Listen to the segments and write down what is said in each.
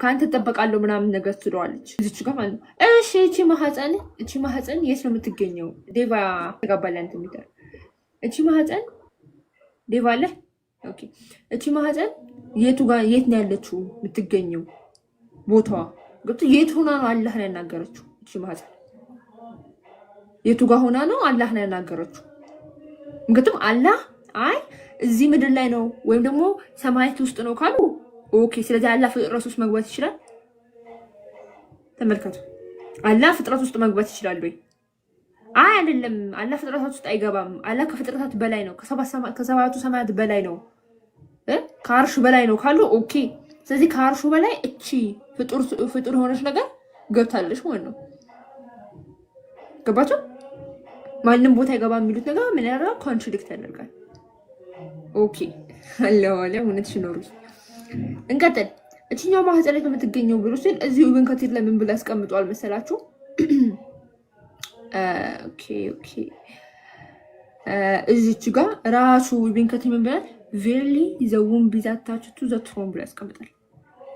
ከአንተ እጠበቃለሁ ምናምን ነገር ትለዋለች። እዚች ጋ ማለት ነው። እሺ እቺ ማህፀን እቺ ማህፀን የት ነው የምትገኘው? ዴቫ ተጋባላ ንት የሚጠር እቺ ማህፀን ዴቫ አለ። እቺ ማህፀን የቱ ጋር የት ነው ያለችው የምትገኘው ቦታዋ ገብቶ የት ሆና ነው ነው ያናገረችው? እቺ ማህፀን የቱ ጋር ሆና ነው አላህን ያናገረችው? ምክትም አላህ አይ እዚህ ምድር ላይ ነው ወይም ደግሞ ሰማያት ውስጥ ነው ካሉ ኦኬ። ስለዚህ አላህ ፍጥረት ውስጥ መግባት ይችላል። ተመልከቱ፣ አላህ ፍጥረት ውስጥ መግባት ይችላል ወይ? አይ አይደለም፣ አላህ ፍጥረታት ውስጥ አይገባም። አላህ ከፍጥረታት በላይ ነው፣ ከሰባቱ ሰማያት በላይ ነው፣ ከአርሹ በላይ ነው ካሉ ኦኬ። ስለዚህ ከአርሹ በላይ እቺ ፍጡር የሆነች ነገር ገብታለች ማለት ነው። ገባቸው። ማንም ቦታ አይገባም የሚሉት ነገር ምን ያደርጋል? ኮንትራዲክት ያደርጋል። ኦኬ አለ እውነት ሽኖሩ እንቀጥል። እችኛው ማህፀን ላይ ከምትገኘው ብሩስን እዚሁ ግን ከቲር ለምን ብላ ያስቀምጧል መሰላችሁ? እዚች ጋ ራሱ ኢብን ከቲር ምን ብላል? ቬርሊ ዘውን ቢዛታችቱ ዘትሮን ብሎ ያስቀምጣል።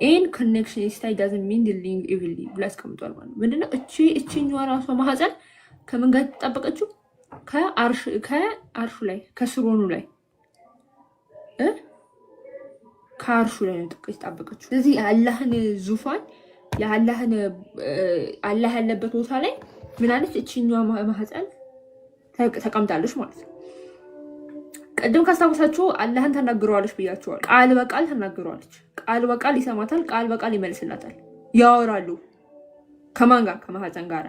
ኢን ኮኔክሽን ስታይ ዳዝ ሚን ሊንግ ኢቪሊ ብሎ ያስቀምጧል። ማለት ምንድነው? እቺ እችኛዋ ራሷ ማህፀን ከምን ጋር የተጣበቀችው? ከአርሹ ላይ ከስሮኑ ላይ ከአርሹ ላይ ነው የተጣበቀችው። ስለዚህ የአላህን ዙፋን የአላህን አላህ ያለበት ቦታ ላይ ምናለች እችኛዋ ማህፀን ተቀምጣለች ማለት ነው። ቅድም ካስታወሳችሁ አላህን ተናግረዋለች ብያቸዋል። ቃል በቃል ተናግረዋለች። ቃል በቃል ይሰማታል። ቃል በቃል ይመልስላታል። ያወራሉ። ከማን ጋር? ከማህፀን ጋር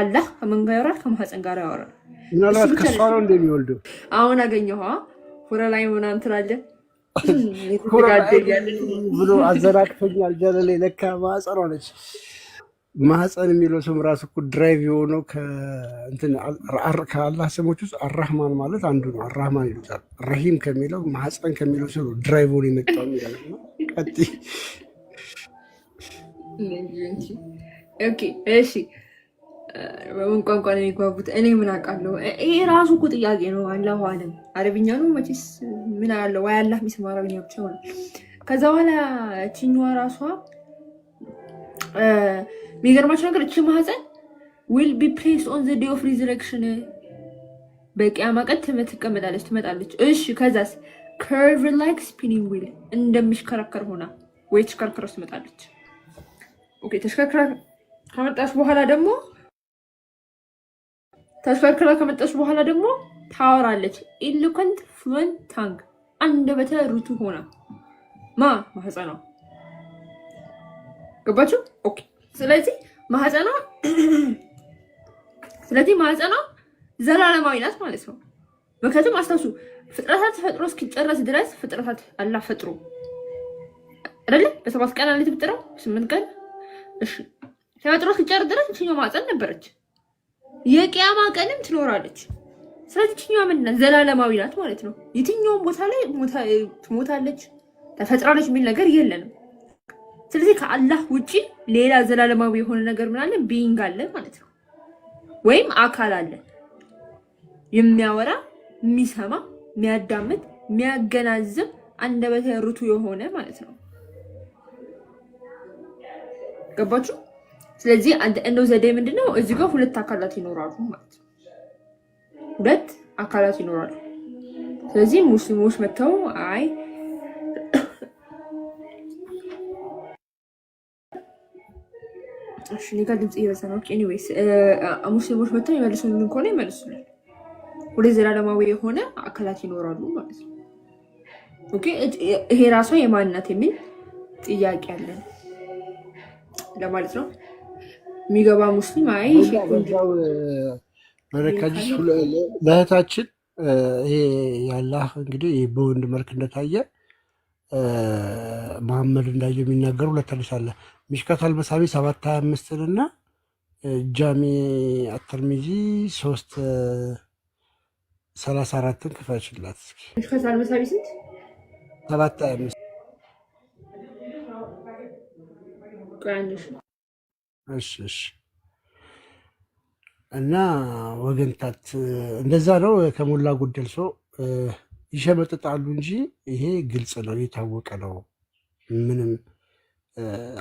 አላህ ከማን ጋር ያወራል? ከማህፀን ጋር ያወራል። ምናልባት ከሷ ነው እንደሚወልደው አሁን አገኘኋ ሁረ ላይ ምናምን ትላለህ ብሎ አዘናቅቶኛል። ጀለሌ ለካ ማህፀን ሆነች። ማህፀን የሚለው ስም ራሱ እኮ ድራይቭ የሆነው ከአላህ ስሞች ውስጥ አራህማን ማለት አንዱ ነው። አራህማን ይሉታል። ረሂም ከሚለው ማህፀን ከሚለው ስም ድራይቭ ሆኖ የመጣው ይላል። ቀጥይ። እሺ በምን ቋንቋ ነው የሚግባቡት? እኔ ምን አውቃለሁ? ይሄ ራሱ እኮ ጥያቄ ነው። አላሁ አለም አረብኛ ነው መቼስ ምን አለው? ወይ አላህ የሚሰማ አረብኛ ብቻ ሆነ። ከዛ በኋላ ችኛዋ ራሷ የሚገርማቸው ነገር እች ማህፀን ዊል ቢ ፕሌስ ኦን ዘ ዴይ ኦፍ ሪዘረክሽን በቂያማ ቀን ትቀመጣለች ትመጣለች። እሺ ከዛስ ከርቭ ላይክ ስፒኒንግ ዊል እንደሚሽከረከር ሆና ወይ ተሽከርክረው ትመጣለች። ኦኬ ተሽከርክራ ከመጣች በኋላ ደግሞ ተሽከርክራ ከመጣች በኋላ ደግሞ ታወራለች። ኢሎኮንት ፍሉዌንት ታንግ አንደበተ ርቱ ሆና ማ ማህፀኗ ገባችሁ? ኦኬ። ስለዚህ ማህፀኗ ስለዚህ ማህፀኗ ዘላለማዊ ናት ማለት ነው። ምክንያቱም አስታውሱ ፍጥረታት ፈጥሮ እስኪጨረስ ድረስ ፍጥረታት አላ ፈጥሮ አይደለ በሰባት ቀን አለ የተፈጠረው ስምንት ቀን እሺ ተፈጥሮ እስኪጨርስ ድረስ እችኛው ማህፀን ነበረች። የቅያማ ቀንም ትኖራለች። ስለዚችኛ ምንድነው ዘላለማዊ ናት ማለት ነው። የትኛውም ቦታ ላይ ትሞታለች ተፈጥራለች የሚል ነገር የለንም። ስለዚህ ከአላህ ውጪ ሌላ ዘላለማዊ የሆነ ነገር ምናለን ቢይንግ አለ ማለት ነው፣ ወይም አካል አለ የሚያወራ የሚሰማ የሚያዳምጥ የሚያገናዝብ አንደበተ ርቱ የሆነ ማለት ነው። ገባችሁ? ስለዚህ እንደው ዘዴ ምንድነው? እዚህ ጋር ሁለት አካላት ይኖራሉ ማለት ነው። ሁለት አካላት ይኖራሉ። ስለዚህ ሙስሊሞች መጥተው አይ እኔ ጋር ድምፅ እየበዛ ነው። ኤኒዌይስ ሙስሊሞች መጥተው ይመልሱልን ከሆነ ይመልሱልን። ወደ ዘላለማዊ የሆነ አካላት ይኖራሉ ማለት ነው። ኦኬ ይሄ ራሷ የማንናት የሚል ጥያቄ አለን ለማለት ነው። የሚገባ ሙስሊም አይ በረካጅ ለእህታችን ይሄ ያላህ እንግዲህ በወንድ መልክ እንደታየ መሐመድ እንዳየ የሚናገሩ ሁለት አዲስ አለ ሚሽከት አልመሳቢ ሰባት ሀያ አምስትን እና ጃሚ አተርሚዚ ሶስት ሰላሳ አራትን ክፈችላት እስኪ። ሚሽከት አልመሳቢ ስንት? ሰባት ሀያ አምስት እሺ እሺ። እና ወገንታት እንደዛ ነው። ከሞላ ጎደል ሰው ይሸመጥጣሉ እንጂ ይሄ ግልጽ ነው፣ የታወቀ ነው። ምንም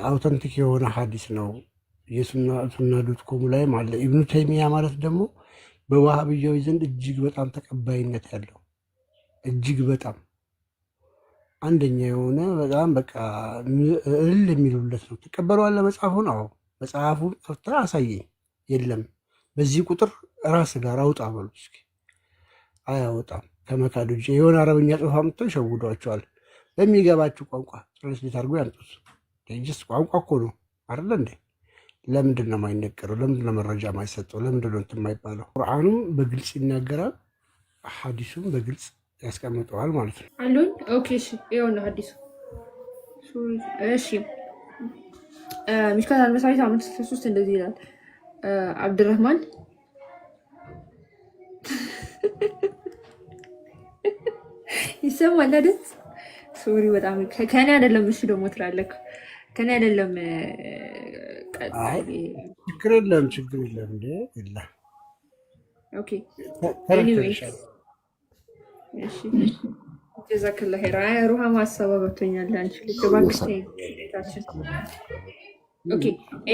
አውተንቲክ የሆነ ሀዲስ ነው። የሱና ዶት ኮም ላይ አለ። ኢብኑ ተይሚያ ማለት ደግሞ በዋሃብያዊ ዘንድ እጅግ በጣም ተቀባይነት ያለው እጅግ በጣም አንደኛ የሆነ በጣም በቃ እል የሚሉለት ነው። ትቀበለዋለህ መጽሐፉን? አዎ መጽሐፉ ከፍታ አሳየኝ። የለም በዚህ ቁጥር ራስ ጋር አውጣ በሉ እስኪ። አያወጣም ከመካዱ የሆነ አረብኛ ጽሑፍ አምጥቶ ይሸውዷቸዋል። በሚገባችሁ ቋንቋ ትራንስሌት አድርጎ ያምጡት። ጀስ ቋንቋ እኮ ነው አይደለ እንዴ? ለምንድን ነው የማይነገረው? ለምንድን ነው መረጃ የማይሰጠው? ለምንድን ነው እንትን የማይባለው? ቁርአኑም በግልጽ ይናገራል፣ ሀዲሱም በግልጽ ያስቀምጠዋል ማለት ነው። አሉኝ ኦኬ። እሺ ሀዲሱ እሺ ሚሽካት አልመሳሪ ሳምንት ስልሳ ሶስት እንደዚህ ይላል። አብድረህማን ይሰማል አይደል? ሶሪ በጣም ከኔ አይደለም። እሺ ደግሞ ትላለህ ከኔ አይደለም። ችግር የለም፣ ችግር የለም። እንደ የለም። ኦኬ። እሺ ጀዛክላ ሄራ ሩሃማ ሀሳብ አገብቶኛል። አንቺ ልጅ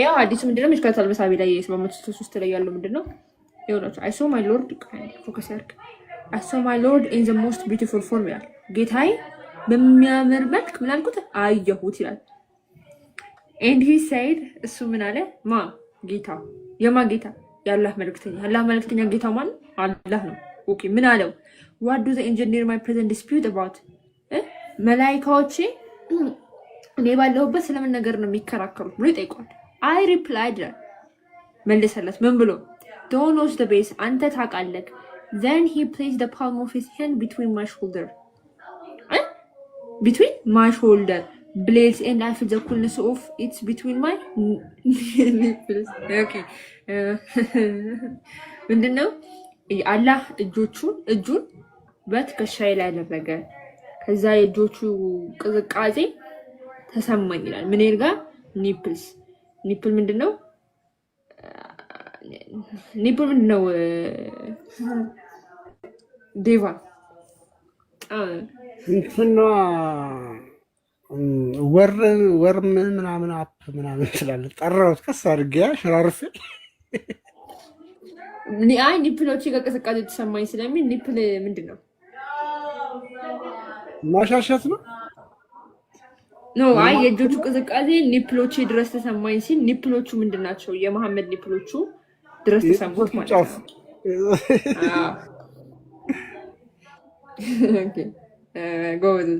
ያው አዲሱ ምንድነው ምጅ ከታል በሳቢ ላይ የሰማመቱ ሶስት ላይ ያለው ምንድነው ይሆናቸው አይሶ ማይ ሎርድ ፎከስ ያርግ አይሶ ማይ ሎርድ ኢን ዘ ሞስት ቢዩቲፉል ፎርም ይላል። ጌታዬ በሚያምር መልክ ምናልኩት አየሁት ይላል። ኤንድ ሂ ሳይድ እሱ ምን አለ? ማ ጌታ የማ ጌታ የአላህ መልክተኛ አላህ መልክተኛ ጌታ ማን አላህ ነው። ኦኬ ምን አለው? ዋት ዱ ዘ ኢንጂኒር ማይ ፕሬዘንት ዲስፒዩት አባውት መላይካዎቼ እኔ ባለሁበት ስለምን ነገር ነው የሚከራከሩት ብሎ ይጠይቋል። አይ ሪፕላይ መልሰለት ምን ብሎ ዶኖስ ደ ቤስ አንተ ታውቃለህ። ዘን ሂ ፕሌስ ደ ፓልም ኦፍ ሂዝ ሃንድ ቢትዊን ማይ ሾልደር ቢትዊን ማይ ሾልደር ብሌድስ ኤንድ አይ ፊል ዘ ኩልነስ ኦፍ ኢትስ ቢትዊን ማይ ምንድን ነው አላህ እጆቹን እጁን በትከሻዬ ላይ ያደረገ ከዛ የእጆቹ ቅዝቃዜ ተሰማኝ ይላል። ምኔል ጋር ኒፕልስ ኒፕል ምንድነው? ኒፕል ምንድነው? ዴቫ እንትና ወር ወር ምናምን አፕ ምናምን ስላለ ጠራሁት ከስ አድርጌ ሽራርፌ አይ ኒፕሎች ከቅዝቃዜ ተሰማኝ ስለሚል ኒፕል ምንድን ነው ማሻሸት ነው። ኖ አይ የእጆቹ ቅዝቃዜ ኒፕሎቼ ድረስ ተሰማኝ ሲል ኒፕሎቹ ምንድን ናቸው? የመሐመድ ኒፕሎቹ ድረስ ተሰሙት ማለት ነው። ጎበዞች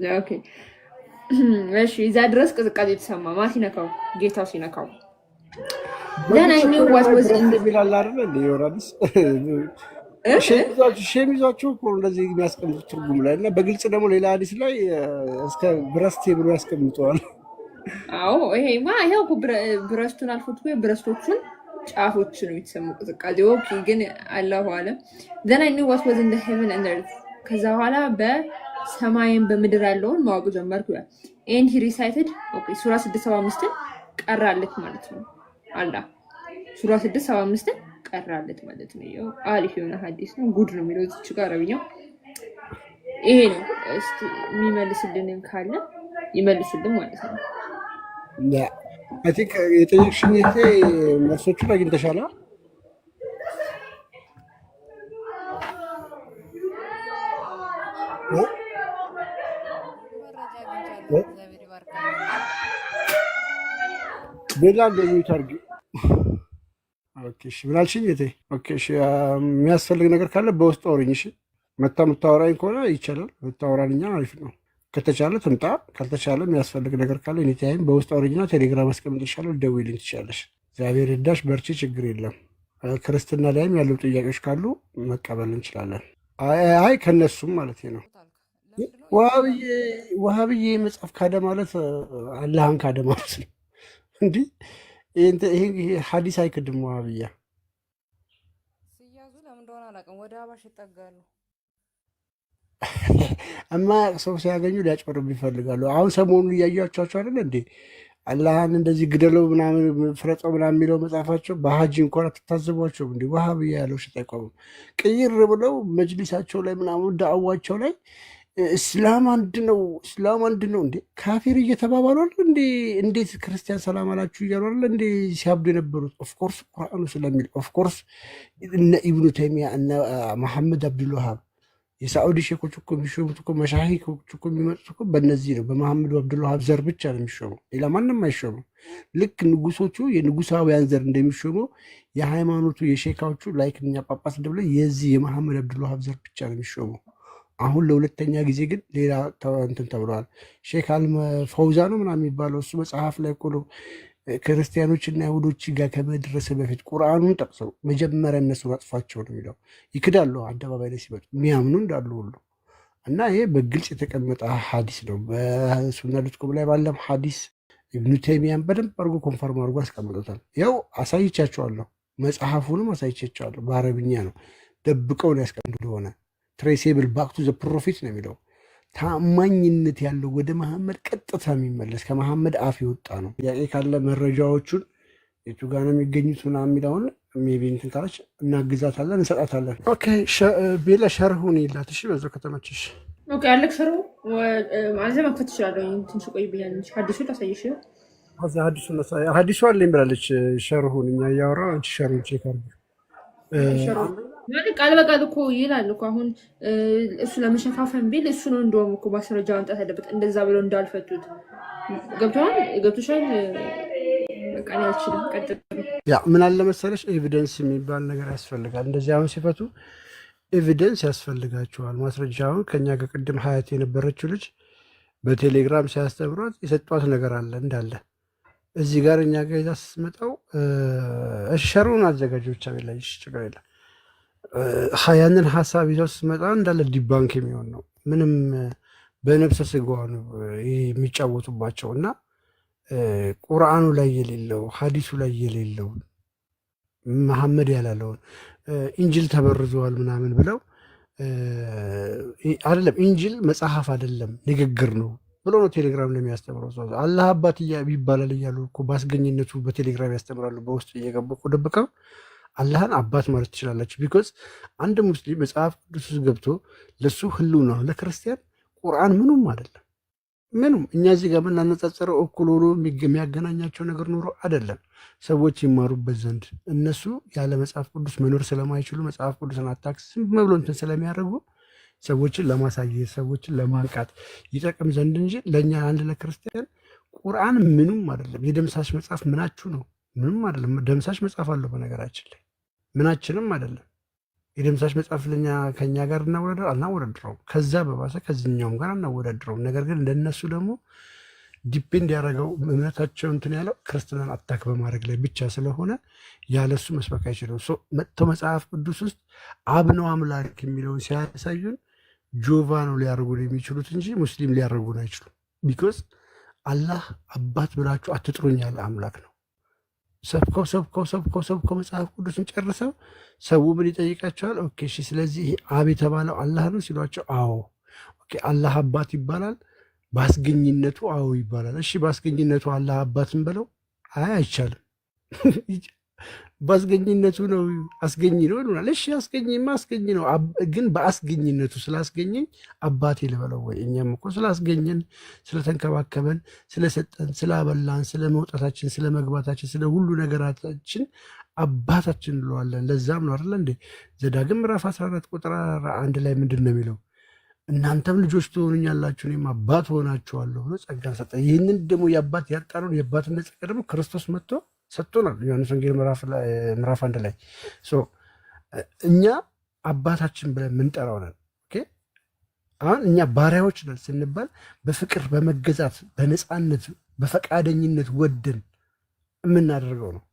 እዛ ድረስ ቅዝቃዜ የተሰማ ማ ሲነካው? ጌታው ሲነካው ደህና ወዝ ይላል አይደል ዮራዲስ ሸሚዟቸው እኮ እንደዚህ የሚያስቀምጡት ትርጉም ላይ እና በግልጽ ደግሞ ሌላ አዲስ ላይ እስከ ብረስቴ ብሎ ያስቀምጠዋል። አዎ ይሄማ ይኸው ብረስቱን አልፎት ብረስቶቹን ጫፎች ነው የተሰሙ ቅዝቃዜ። ኦኬ ግን አላሁ አለም ዘና ኒ ዋት ወዝ እንደ ሄቨን ኤንድ ኤርዝ። ከዛ በኋላ በሰማይን በምድር ያለውን ማወቅ ጀመርኩ ይላል። ኤንድ ሂ ሪሳይትድ ሱራ ስድስት ሰባ አምስትን ቀራለት ማለት ነው አላ ሱራ ስድስት ሰባ አምስትን ቀራለት ማለት ነው። ይኸው አሪፍ የሆነ ሀዲስ ነው። ጉድ ነው የሚለው እዚች ጋር አረብኛው ይሄ ነው። እስቲ የሚመልስልንን ካለ ይመልስልን ማለት ነው። ቲንክ የጠየቅሽኝ መልሶቹን አግኝተሻል። ሌላ እንደሚታርግ ብላልሽኝ ኦኬ የሚያስፈልግ ነገር ካለ በውስጥ አውሪኝ። እሺ መታ የምታወራኝ ከሆነ ይቻላል፣ ብታወራንኛ አሪፍ ነው። ከተቻለ ትምጣ፣ ካልተቻለ የሚያስፈልግ ነገር ካለ ኒታይም በውስጥ አውሪኝና ቴሌግራም አስቀምጥልሻለሁ፣ ልደውይልኝ ትችላለሽ። እግዚአብሔር ይርዳሽ፣ በርቺ፣ ችግር የለም። ክርስትና ላይም ያለው ጥያቄዎች ካሉ መቀበል እንችላለን። አይ ከነሱም ማለት ነው ዋሃብዬ መጽሐፍ ካደ ማለት አላህን ካደ ማለት ነው እንዲህ ሀዲስ አይክድም። ዋብያ ሲያዙ ለምን እንደሆነ አላውቅም፣ ወደ አባሽ ይጠጋሉ። እማያቅ ሰው ሲያገኙ ሊያጭበረብ ይፈልጋሉ። አሁን ሰሞኑን እያያቸኋቸው አይደል እንዴ? አላህን እንደዚህ ግደለው ምናምን ፍረጠው ምናምን የሚለው መጽሐፋቸው በሀጂ እንኳን አትታዘቧቸው እንዲ ውሃብያ ያለው ሲጠቀሙ ቅይር ብለው መጅሊሳቸው ላይ ምናምን ዳዕዋቸው ላይ እስላም አንድ ነው፣ እስላም አንድ ነው እንዴ? ካፊር እየተባባሉ አለ እንዴ? እንዴት ክርስቲያን ሰላም አላችሁ እያሉ አለ እንዴ ሲያብዱ የነበሩት? ኦፍኮርስ ቁርአኑ ስለሚል ኦፍኮርስ እነ ኢብኑ ተይሚያ እነ መሐመድ አብዱልዋሃብ የሳዑዲ ሼኮች እኮ የሚሾሙት እኮ መሻሂኮች እኮ የሚመጡት እኮ በእነዚህ ነው፣ በመሐመድ አብዱልዋሃብ ዘር ብቻ ነው የሚሾሙ፣ ሌላ ማንም አይሾሙ። ልክ ንጉሶቹ የንጉሳውያን ዘር እንደሚሾሙ የሃይማኖቱ የሼካዎቹ ላይክ እኛ ጳጳስ እንደብለ የዚህ የመሐመድ አብዱልዋሃብ ዘር ብቻ ነው የሚሾሙ። አሁን ለሁለተኛ ጊዜ ግን ሌላ እንትን ተብለዋል። ሼክ ፈውዛ ነው ምናምን የሚባለው እሱ መጽሐፍ ላይ ቆሎ ክርስቲያኖች ክርስቲያኖችና ይሁዶች ጋር ከመድረስ በፊት ቁርአኑን ጠቅሰው መጀመሪያ እነሱ አጥፏቸው ነው የሚለው። ይክዳሉ አደባባይ ላይ ሲመጡ የሚያምኑ እንዳሉ ሁሉ እና ይሄ በግልጽ የተቀመጠ ሀዲስ ነው። በሱና ዶትኮም ላይ ባለም ሀዲስ ኢብኑ ተይሚያን በደንብ አድርጎ ኮንፈርም አድርጎ አስቀምጦታል። ያው አሳይቻቸዋለሁ፣ መጽሐፉንም አሳይቻቸዋለሁ። በአረብኛ ነው ደብቀው ሊያስቀምጡ እንደሆነ ትሬሴብል ባክ ቱ ዘ ፕሮፊት ነው የሚለው ታማኝነት ያለው ወደ መሐመድ ቀጥታ የሚመለስ ከመሐመድ አፍ የወጣ ነው። ጥያቄ ካለ መረጃዎቹን የቱ ጋር ነው የሚገኙት ምናምን የሚለውን ሜቢ እንትን ካለች እናግዛታለን፣ እንሰጣታለን። ቤላ ሸርሁን የላት እሺ፣ በዛ ከተመችሽ ኦኬ። ሰሩ ማለት መክፈት ትችላለሁ። ትንሽ ቆይ ብያለች። ሀዲሱ ላሳየሽ። ሀዲሱ ሀዲሱ አለኝ ብላለች ሸርሁን። እኛ እያወራ አንቺ ሸርሁን ቼክ አድርጊ ቃል በቃል እኮ ይላል እኮ አሁን እሱ ለመሸፋፈን ቢል እሱ ነው እንደውም እኮ ማስረጃ መምጣት ያለበት። እንደዛ ብለው እንዳልፈቱት ገብተዋል። ገብቶሻል። ያ ምን አለ መሰለሽ ኤቪደንስ የሚባል ነገር ያስፈልጋል። እንደዚህ አሁን ሲፈቱ ኤቪደንስ ያስፈልጋቸዋል። ማስረጃውን ከኛ ከቅድም ሀያት የነበረችው ልጅ በቴሌግራም ሲያስተምሯት የሰጧት ነገር አለ እንዳለ እዚህ ጋር እኛ ጋር ይዛ ስትመጣው ሸሩን አዘጋጆች ላይ ችግር የለም ያንን ሀሳብ ይዘው ስትመጣ እንዳለ ዲባንክ የሚሆን ነው። ምንም በነብሰ ስጋዋኑ የሚጫወቱባቸው እና ቁርአኑ ላይ የሌለው ሀዲሱ ላይ የሌለው መሐመድ ያላለውን ኢንጅል ተበርዘዋል ምናምን ብለው አይደለም ኢንጅል መጽሐፍ አይደለም ንግግር ነው ብሎ ነው ቴሌግራም ለሚያስተምረው ሰው አላህ አባት ይባላል እያሉ በአስገኝነቱ በቴሌግራም ያስተምራሉ። በውስጥ እየገቡ ደብቀው አላህን አባት ማለት ትችላላችሁ። ቢኮዝ አንድ ሙስሊም መጽሐፍ ቅዱስ ውስጥ ገብቶ ለሱ ህልውና ነው። ለክርስቲያን ቁርአን ምኑም አይደለም። ምኑም እኛ እዚህ ጋር የምናነጻጸረው እኩል ሆኖ የሚያገናኛቸው ነገር ኖሮ አይደለም። ሰዎች ይማሩበት ዘንድ እነሱ ያለ መጽሐፍ ቅዱስ መኖር ስለማይችሉ መጽሐፍ ቅዱስን አታክስ መብሎ እንትን ስለሚያደርጉ ሰዎችን ለማሳየት ሰዎችን ለማንቃት ይጠቅም ዘንድ እንጂ ለእኛ አንድ ለክርስቲያን ቁርአን ምኑም አይደለም። የደምሳሽ መጽሐፍ ምናችሁ ነው? ምንም አይደለም። ደምሳሽ መጽሐፍ አለው በነገራችን ላይ ምናችንም አይደለም። የድምፃች መጽሐፍ ከኛ ጋር እናወዳደር አናወዳድረውም። ከዛ በባሰ ከዚኛውም ጋር አናወዳድረውም። ነገር ግን እንደነሱ ደግሞ ዲፔንድ ያደረገው እምነታቸው እንትን ያለው ክርስትናን አታክ በማድረግ ላይ ብቻ ስለሆነ ያለሱ መስበክ አይችልም። መጥቶ መጽሐፍ ቅዱስ ውስጥ አብነው አምላክ የሚለውን ሲያሳዩን ጆቫ ነው ሊያደርጉን የሚችሉት እንጂ ሙስሊም ሊያደርጉን አይችሉም። ቢኮዝ አላህ አባት ብላችሁ አትጥሩኝ ያለ አምላክ ነው። ሰብከው ሰብከው ሰብከው ሰብከው መጽሐፍ ቅዱስን ጨርሰው ሰው ምን ይጠይቃቸዋል? ኦኬ እሺ፣ ስለዚህ አብ የተባለው አላህ ነው ሲሏቸው፣ አዎ ኦኬ፣ አላህ አባት ይባላል በአስገኝነቱ፣ አዎ ይባላል። እሺ፣ በአስገኝነቱ አላህ አባትን ብለው አይ አይቻልም በአስገኝነቱ ነው አስገኝ ነው ይሉናል። እሺ አስገኝማ አስገኝ ነው፣ ግን በአስገኝነቱ ስላስገኘኝ አባቴ ልበለው ወይ? እኛም እኮ ስላስገኘን፣ ስለተንከባከበን፣ ስለሰጠን፣ ስላበላን፣ ስለ መውጣታችን፣ ስለ መግባታችን፣ ስለ ሁሉ ነገራችን አባታችን እንለዋለን። ለዛም ነው አይደለ እንዴ ዘዳግም ምዕራፍ 14 ቁጥር አንድ ላይ ምንድን ነው የሚለው? እናንተም ልጆች ትሆኑኛላችሁ እኔም አባት ሆናችኋለሁ ብሎ ጸጋን ሰጠ። ይህንን ደግሞ የአባት ያጣነውን የአባትነት ጸጋ ደግሞ ክርስቶስ መጥቶ ሰጥቶናል። ዮሐንስ ወንጌል ምዕራፍ አንድ ላይ እኛ አባታችን ብለን የምንጠራው ነን። አሁን እኛ ባሪያዎች ነን ስንባል በፍቅር በመገዛት በነፃነት በፈቃደኝነት ወደን የምናደርገው ነው።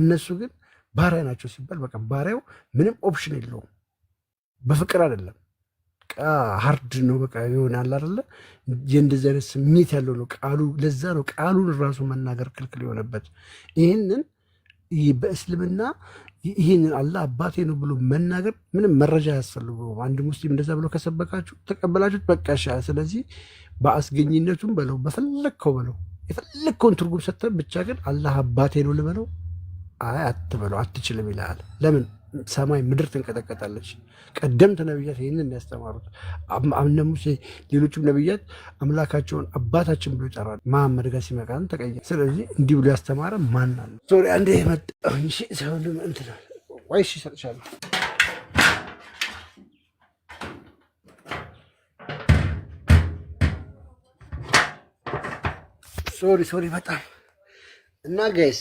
እነሱ ግን ባሪያ ናቸው ሲባል በቃ ባሪያው ምንም ኦፕሽን የለውም። በፍቅር አይደለም በቃ ሀርድ ነው በቃ ይሆናል አይደለ? የእንደዚህ አይነት ስሜት ያለው ነው ቃሉ። ለዛ ነው ቃሉን ራሱ መናገር ክልክል የሆነበት። ይህንን በእስልምና ይህንን አላህ አባቴ ነው ብሎ መናገር ምንም መረጃ አያስፈልገውም። አንድ ሙስሊም እንደዛ ብሎ ከሰበካችሁ ተቀበላችሁት፣ በቃ ሻ። ስለዚህ በአስገኝነቱም በለው በፈለግከው በለው የፈለግከውን ትርጉም ሰጥተህ ብቻ ግን አላህ አባቴ ነው ልበለው? አይ አትበለው፣ አትችልም ይልሃል። ለምን ሰማይ ምድር ትንቀጠቀጣለች። ቀደምት ነቢያት ይህንን ያስተማሩት አምነ ሙሴ፣ ሌሎችም ነቢያት አምላካቸውን አባታችን ብሎ ይጠራሉ። መሐመድ ጋር ሲመጣን ተቀየ። ስለዚህ እንዲህ ብሎ ያስተማረ ማን አለ? ሶሪ አንድ መጣሁኝ ሰሆን እንትና ወይ ይሰጥሻለሁ ሶሪ ሶሪ በጣም እና ጋይስ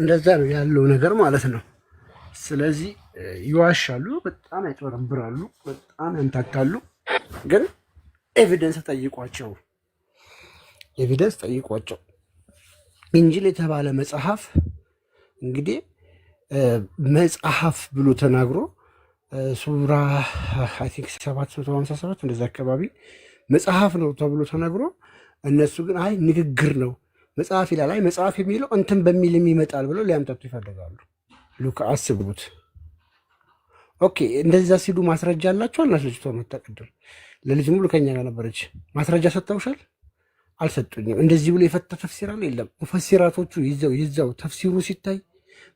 እንደዛ ነው ያለው ነገር ማለት ነው። ስለዚህ ይዋሻሉ፣ በጣም ያጭበረብራሉ፣ በጣም ያምታታሉ። ግን ኤቪደንስ ጠይቋቸው፣ ኤቪደንስ ጠይቋቸው። ኢንጂል የተባለ መጽሐፍ እንግዲህ መጽሐፍ ብሎ ተናግሮ ሱራ አይ ቲንክ ሰባት እንደዚ አካባቢ መጽሐፍ ነው ተብሎ ተነግሮ እነሱ ግን አይ ንግግር ነው መጽሐፍ ይላል። አይ መጽሐፍ የሚለው እንትን በሚል ይመጣል ብለው ሊያምጠጡ ይፈልጋሉ። ሉክ አስቡት። ኦኬ እንደዛ ሲሉ ማስረጃ አላችሁ አልናት። ልጅቷ መታቀደም ለልጅ ሙሉ ከኛ ጋር ነበረች። ማስረጃ ሰጥተውሻል? አልሰጡኝም። እንደዚህ ብሎ የፈታ ተፍሲር አለ የለም። ሙፈሲራቶቹ ይዘው ይዘው ተፍሲሩ ሲታይ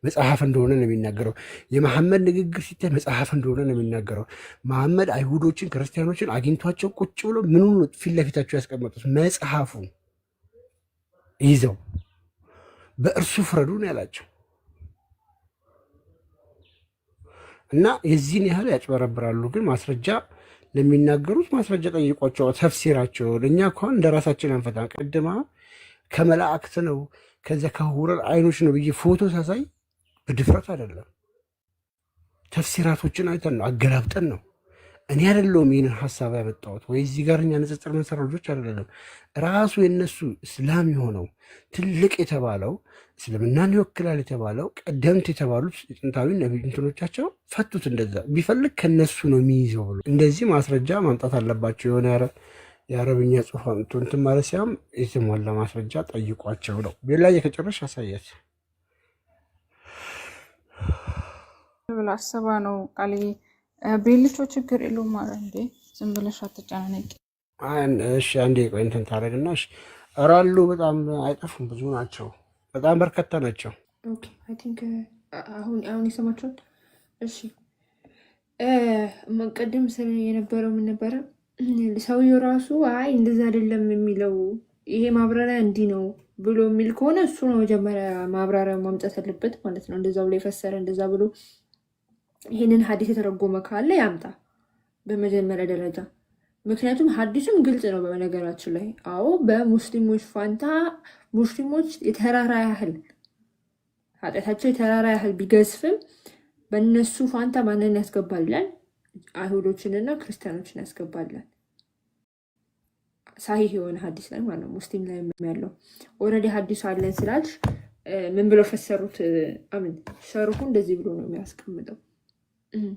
መጽሐፍ እንደሆነ ነው የሚናገረው። የመሐመድ ንግግር ሲታይ መጽሐፍ እንደሆነ ነው የሚናገረው። መሐመድ አይሁዶችን ክርስቲያኖችን አግኝቷቸው ቁጭ ብሎ ምኑ ፊት ለፊታቸው ያስቀመጡት መጽሐፉ ይዘው በእርሱ ፍረዱ ነው ያላቸው። እና የዚህን ያህል ያጭበረብራሉ። ግን ማስረጃ ለሚናገሩት ማስረጃ ጠይቋቸው፣ ተፍሲራቸውን። እኛ ከሆን እንደ ራሳችን አንፈታ። ቀድማ ከመላእክት ነው ከዚያ ከሁረር አይኖች ነው ብዬ ፎቶ ሳሳይ በድፍረት አይደለም ተፍሲራቶችን አይተን ነው አገላብጠን ነው እኔ አይደለሁም ይህንን ሀሳብ ያመጣሁት ወይ እዚህ ጋር እኛ ንጽጽር ምንሰራ ልጆች አይደለም። ራሱ የነሱ እስላም የሆነው ትልቅ የተባለው እስልምናን ይወክላል የተባለው ቀደምት የተባሉት ጥንታዊ ነቢይ እንትኖቻቸው ፈቱት። እንደዛ ቢፈልግ ከነሱ ነው የሚይዘው ብሎ እንደዚህ ማስረጃ ማምጣት አለባቸው። የሆነ የአረብኛ ጽሁፍ አምጥቶ እንትን ማለት ሲያም የተሟላ ማስረጃ ጠይቋቸው ነው። ሌላ የከጨረሽ አሳያት ብላ አስባ ነው ቃል ቤልቾ ችግር የለው ማለ እንዴ? ዝም ብለሽ አትጨናነቂ። እሺ አንዴ ቆይ እንትን ታደርግና እሺ። ኧረ በጣም አይጠፉም፣ ብዙ ናቸው፣ በጣም በርካታ ናቸው። አሁን አሁን የሰማችሁት እሺ። መቀደም ስለ የነበረው ምን ነበረ? ሰውየው ራሱ አይ እንደዛ አይደለም የሚለው ይሄ ማብራሪያ እንዲህ ነው ብሎ የሚል ከሆነ እሱ ነው መጀመሪያ ማብራሪያ ማምጣት አለበት ማለት ነው። እንደዛ ብሎ የፈሰረ እንደዛ ብሎ ይህንን ሀዲስ የተረጎመ ካለ ያምጣ በመጀመሪያ ደረጃ። ምክንያቱም ሀዲሱም ግልጽ ነው። በነገራችን ላይ አዎ፣ በሙስሊሞች ፋንታ ሙስሊሞች የተራራ ያህል ኃጢአታቸው የተራራ ያህል ቢገዝፍም በእነሱ ፋንታ ማንን ያስገባልላል? አይሁዶችንና ክርስቲያኖችን ያስገባልላል። ሳሂህ የሆነ ሀዲስ ላይ ማለት ነው። ሙስሊም ላይ ያለው ኦልሬዲ ሀዲሱ አለን ስላልሽ ምን ብለው ፈሰሩት? አምን ሸርሁ እንደዚህ ብሎ ነው የሚያስቀምጠው Mm.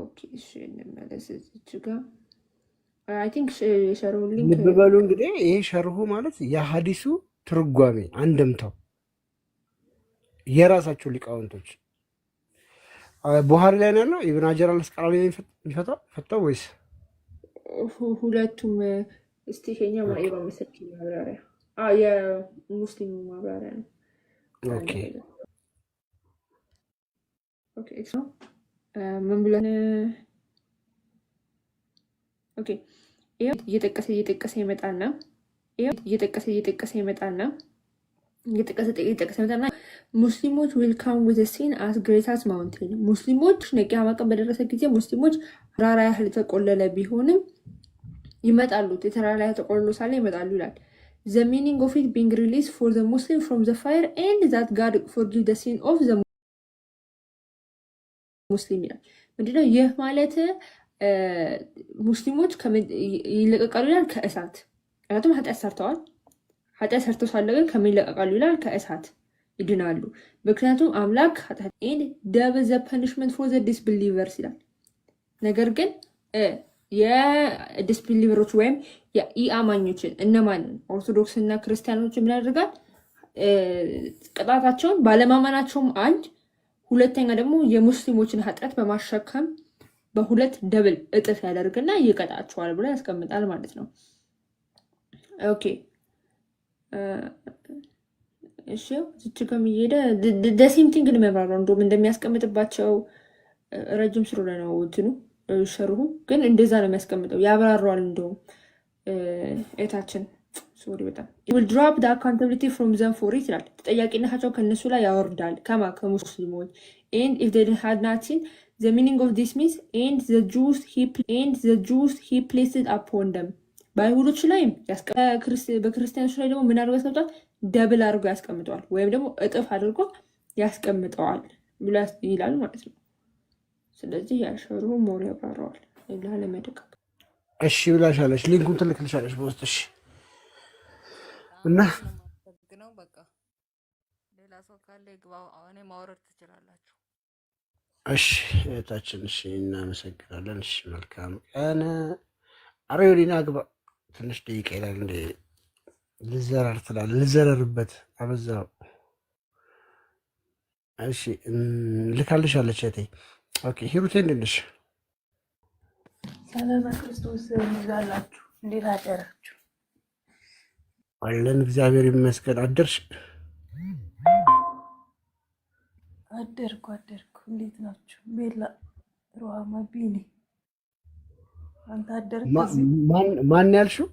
ኦኬ እሺ፣ እንመለስ እዚች ጋር አይ ቲንክ ሸርሁ ሊንክ በሉ እንግዲህ ይሄ ሸርሁ ማለት የሀዲሱ ትርጓሜ አንድምታው የራሳቸው ሊቃውንቶች ቡሃሪ ላይ ነው ያለው። ኢብን ሀጀር አልአስቀላኒ የሚፈታው ወይስ ሁለቱም? እስቲ ሸኛ ማይባ መሰኪ ማብራሪያ የሙስሊሙ ማብራሪያ ነው። ኦኬ ኦኬ ምን ብለን ኦኬ ይሄው እየጠቀሰ እየጠቀሰ ይመጣና ይሄው እየጠቀሰ እየጠቀሰ ይመጣና እየጠቀሰ እየጠቀሰ ይመጣና ሙስሊሞች ዊል ካም ዊዝ ሲን አስ ግሬት አስ ማውንቴን ሙስሊሞች ነቂ ሐማቀን በደረሰ ጊዜ ሙስሊሞች ተራራ ያህል ተቆለለ ቢሆንም ይመጣሉ። የተራራ ያህል ተቆልሎ ሳለ ይመጣሉ ይላል። ዘ ሚኒንግ ኦፍ ኢት ቢንግ ሪሊዝ ፎር ዘ ሙስሊም ፍሮም ዘ ፋየር ኤንድ ዛት ጋድ ፎርጊቭ ዘ ሲን ኦፍ ዘ ሙስሊም ይላል። ምንድነው ይህ ማለት? ሙስሊሞች ይለቀቃሉ ይላል ከእሳት ምክንያቱም ኃጢአት ሰርተዋል። ኃጢአት ሰርተው ሳለ ግን ከምን ይለቀቃሉ ይላል ከእሳት ይድናሉ። ምክንያቱም አምላክ ኃጢአትን ደብ ዘ ፐኒሽመንት ፎር ዘ ዲስብሊቨርስ ይላል። ነገር ግን የዲስቢሊቨሮች ወይም የኢአማኞችን እነማንን ኦርቶዶክስና ክርስቲያኖች ምን ያደርጋል? ቅጣታቸውን ባለማመናቸውም አንድ ሁለተኛ ደግሞ የሙስሊሞችን ኃጢአት በማሸከም በሁለት ደብል እጥፍ ያደርግና ይቀጣቸዋል ብሎ ያስቀምጣል ማለት ነው። ኦኬ እሺ ዝችከም እየሄደ ደሴምቲንግ ንመብራራ መብራሪያ እንደሚያስቀምጥባቸው ረጅም ስለሆነ ነው እንትኑ ሸርሁ ግን እንደዛ ነው የሚያስቀምጠው ያብራረዋል እንደውም ኤታችን ሶሪ በጣም ዊል ድሮፕ ዳ አካውንታብሊቲ ፍሮም ዘም ፎር ይላል። ተጠያቂነታቸው ከነሱ ላይ ያወርዳል። ከማ ከሙስሊሞች ኤንድ ኢፍ ዴን ሃድ ናቲን ዘ ሚኒንግ ኦፍ ዲስ ሚንስ ኤንድ ዘ ጁስ ሂ ፕሌስድ አፖን ደም በአይሁዶች ላይም በክርስቲያኖች ላይ ደግሞ ምን አድርጎ ያስቀምጠዋል? ደብል አድርጎ ያስቀምጠዋል ወይም ደግሞ እጥፍ አድርጎ ያስቀምጠዋል ብሎ ይላል ማለት ነው። ስለዚህ ያሸሩ ሞር ያብራረዋል ለመደቃቅ እሺ ብላሻለች። ሊንኩን ትልክልሻለች በውስጥ እሺ እና ነው በቃ ሌላ ሰው ካለ ግባ፣ እኔ ማውረድ ትችላላችሁ። እሺ እህታችን፣ እሺ እናመሰግናለን። እሺ መልካም ቀን። ግባ ትንሽ ደቂቃ ይላል ልዘረር ትላል። ልዘረርበት አበዛው። እሺ ልካልሽ አለች እህቴ። ኦኬ ሂሩቴ ነሽ? ሰላም ክርስቶስ ይዛላችሁ። እንዴት አደራችሁ? አለን እግዚአብሔር ይመስገን። አደርሽ? አደርኩ አደርኩ። እንዴት ናችሁ? ቤላ ሮሃማ ቢኒ አንተ አደርክ? ማን ያልሽው?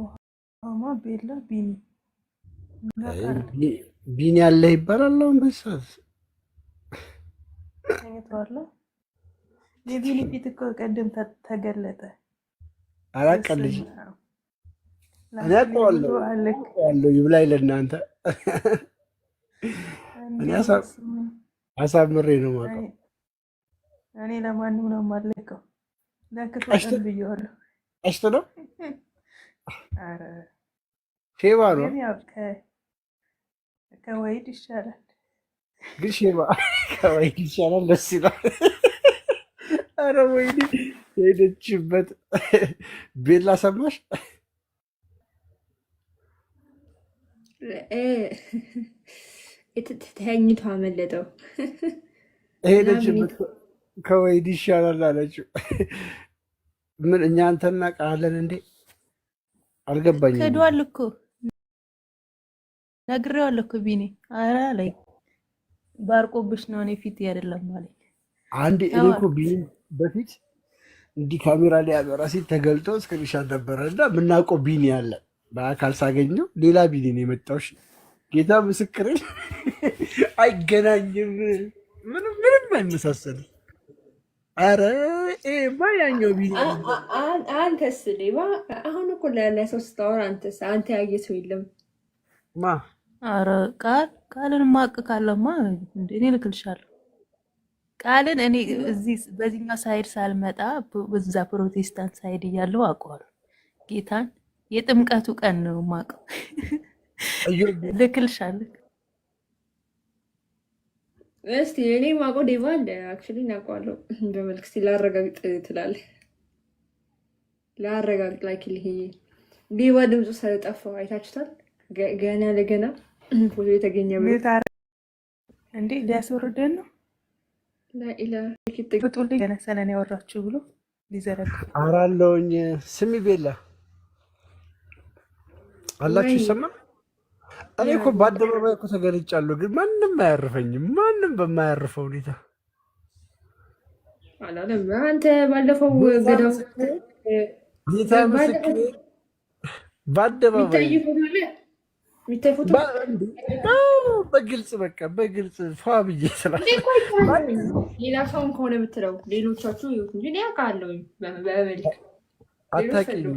ሮሃማ ቤላ ቢኒ ቢኒ ያለ ይባላል። አሁን በሳት ተኝቷል። የቢኒ ፊት እኮ ቀደም ተገለጠ። አላቀልጅ ያለው ይብላኝ ለእናንተ አሳምሬ ነው የማውቀው። እኔ ለማንም ነው የማለቀው። ለክፉ ብየዋለሁ። ቀሽት ነው ሼባ ነው ከወይድ ይሻላል፣ ግን ሼባ ከወይድ ይሻላል። ደስ ይላል። ወይኔ የሄደችበት ቤላ ሰማሽ? ተኝቶ አመለጠው። ሄደችበት ከወይድ ይሻላል አለችው። ምን እኛ አንተና ቃለን እንዴ አልገባኝም። ከዷል እኮ እኮ ኧረ ባርቆብሽ ነው እኔ ፊት አለኝ። አንድ እኔ እኮ በፊት እንዲህ ካሜራ ላይ አበራ ሲል ተገልጦ እስክሪሻት ነበረ እና የምናውቀው ቢኔ አለን በአካል ሳገኘው ሌላ ቢኒ ነው የመጣው። ጌታ ምስክር አይገናኝም። ምንም ምንም አይመሳሰልም። አረ ማ ያኛው ቢኒ አንተስ ሌባ። አሁን እኮ ለሰው ስታወራ አንተስ አንተ ያየ ሰው የለም ማ አረ ቃል ቃልን ማቅ ካለማ እኔ ልክልሻለሁ። ቃልን እኔ እዚህ በዚህኛው ሳይድ ሳልመጣ በዛ ፕሮቴስታንት ሳይድ እያለው አውቀዋለሁ ጌታን የጥምቀቱ ቀን ነው የማውቀው። ልክልሻለሁ። እስቲ እኔ ማቆ ዴቫ አለ አክቹዋሊ እናውቀዋለሁ። በመልክ እስቲ ላረጋግጥ ትላለህ። ላረጋግጥ ላኪል። ይሄ ዴቫ ድምፁ ስለጠፋው አይታችሁታል። ገና ለገና ፎቶ የተገኘ እንዴ ሊያስወርደን ነው። ላኢላህ ፍጡልኝ ገና ያወራችሁ ብሎ ሊዘረግ አራለውኝ ስሚ ቤላ አላችሁ ይሰማል። እኔ እኮ በአደባባይ እኮ ተገልጫለሁ፣ ግን ማንም አያርፈኝም። ማንም በማያርፈው ሁኔታ አንተ ባለፈው ገዳው ጌታ ምስክሬ በአደባባይ በግልጽ በቃ በግልጽ ፏ ብዬ ሌላ ሰውን ከሆነ ብትለው ሌሎቻችሁ ይሁት እንጂ ሊያውቃለሁ በመልክ አታውቂኝም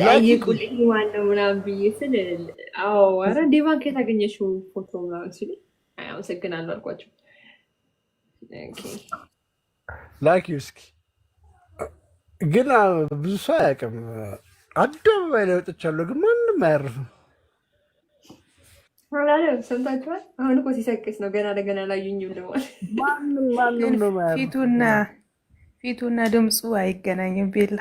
ጠይቁልኝ ዋናው ምናምን ብዬ ስል አዎ፣ ኧረ እንዴ ባንክ የታገኘሽው ፎቶ ምናምን ሲሉ አመሰግናለሁ አልኳቸው። እስኪ ግን ብዙ ሰው አያውቅም። አደባባይ ላይ ወጥቻለሁ፣ ግን ማንም አያርፍም። ሰምታችኋል? አሁን እኮ ሲሰቅስ ነው። ገና ለገና ላዩኝም ፊቱና ፊቱና ድምፁ አይገናኝም ቤላ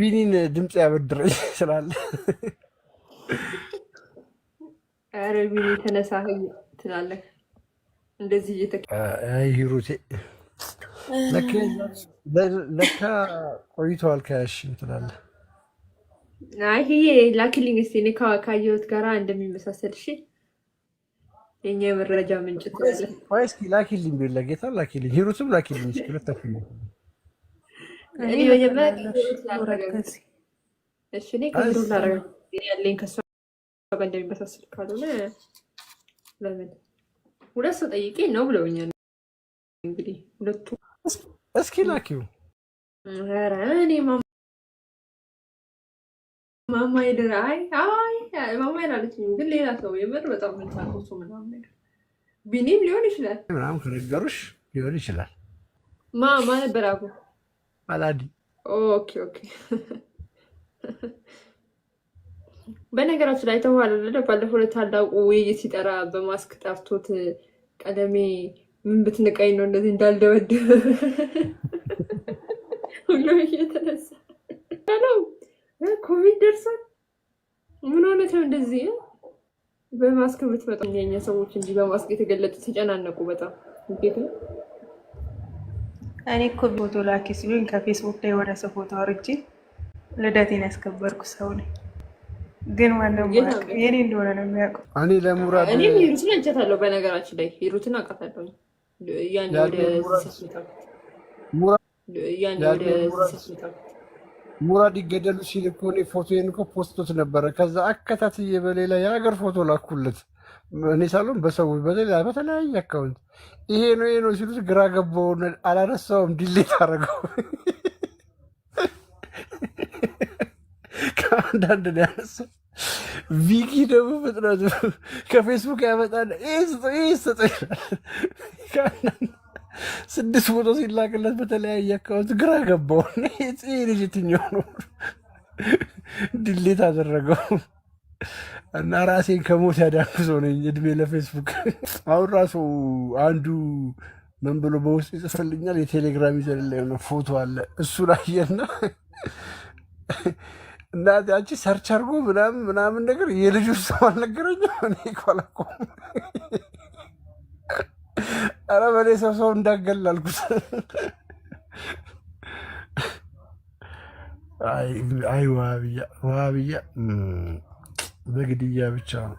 ቢኒን ድምፅ ያበድረኝ ስላለ ኧረ ቢኒ ተነሳ ትላለህ። እንደዚህ እየተሩቴ ለካ ቆይተዋል። ከያሽ ትላለህ። ይሄ ላኪልኝ እስኪ ካየሁት ጋራ እንደሚመሳሰል እሺ የኛ የመረጃ ምንጭ እስኪ ላኪልኝ፣ ቤላ ጌታ ላኪልኝ፣ ሂሩትም ላኪልኝ። እስኪ ያለኝ ጋር እንደሚመሳሰል ካልሆነ ለምን ሁለት ሰው ጠይቄ ነው ብለውኛል። እንግዲህ ሁለቱ እስኪ ላኪው ማማ ይድር አይ ግን ሌላ ሰው የምር በጣም ምናምን ነገር ቢኒም ሊሆን ይችላል ምናምን ከነገሩሽ ሊሆን ይችላል። ማ ማ ነበር አቡ አላዲ። ኦኬ ኦኬ። በነገራችን ላይ ተዋለለ ባለፈው ለታላቁ ውይይት ሲጠራ በማስክ ጠርቶት ቀደሜ ምን ብትንቀኝ ነው እንደዚህ እንዳልደበደበ ሁሉ እየተነሳ ኮቪድ ደርሷል ምን እውነት ነው እንደዚህ በማስክ ብትመጣ የእኛ ሰዎች እንጂ በማስክ የተገለጡ ተጨናነቁ። በጣም እንዴት ነው? እኔ እኮ ፎቶ ላኪ ሲሉኝ ከፌስቡክ ላይ ወደ ሰው ፎቶ አውርጄ ልደቴን ያስከበርኩ ሰው ነኝ። ግን ዋናው የኔ እንደሆነ ነው የሚያውቁ። እኔ ለሙራድ እኔ ሂሩትን እንጨታለሁ። በነገራችን ላይ ሂሩትን አውቃታለሁ። ያኔ ወደ ሙራድ ያኔ ወደ ሙራድ ይገደሉ ሲል እኮ እኔ ፎቶዬን እኮ ፖስቶት ነበረ። ከዛ አከታትዬ በሌላ የሀገር ፎቶ ላኩለት። እኔ ሳልሆን በሰው በሌላ በተለያየ አካውንት ይሄ ነው ይሄ ነው ሲሉት ግራ ገባው። አላነሳውም፣ ዲሌት አደረገው። ከአንዳንድ ነው ያነሳ ቪኪ ደግሞ ፍጥነቱ ከፌስቡክ ያመጣል። ይህ ስጠ ይላል ከአንዳንድ ስድስት ፎቶ ሲላክለት በተለያየ አካውንት ግራ ገባው። ይህ ልጅ የትኛው ነው? ድሌት አደረገው እና ራሴን ከሞት ያዳንኩ ሰው ነኝ። እድሜ ለፌስቡክ። አሁን ራሱ አንዱ ምን ብሎ በውስጥ ይጽፍልኛል፣ የቴሌግራም ይዘልላ የሆነ ፎቶ አለ። እሱ ላየና እና አንቺ ሰርች አድርጎ ምናምን ምናምን ነገር የልጁ ሰው አልነገረኝም እኔ አረ በኔ ሰው ሰው እንዳገል አይ በግድያ ብቻ ነው።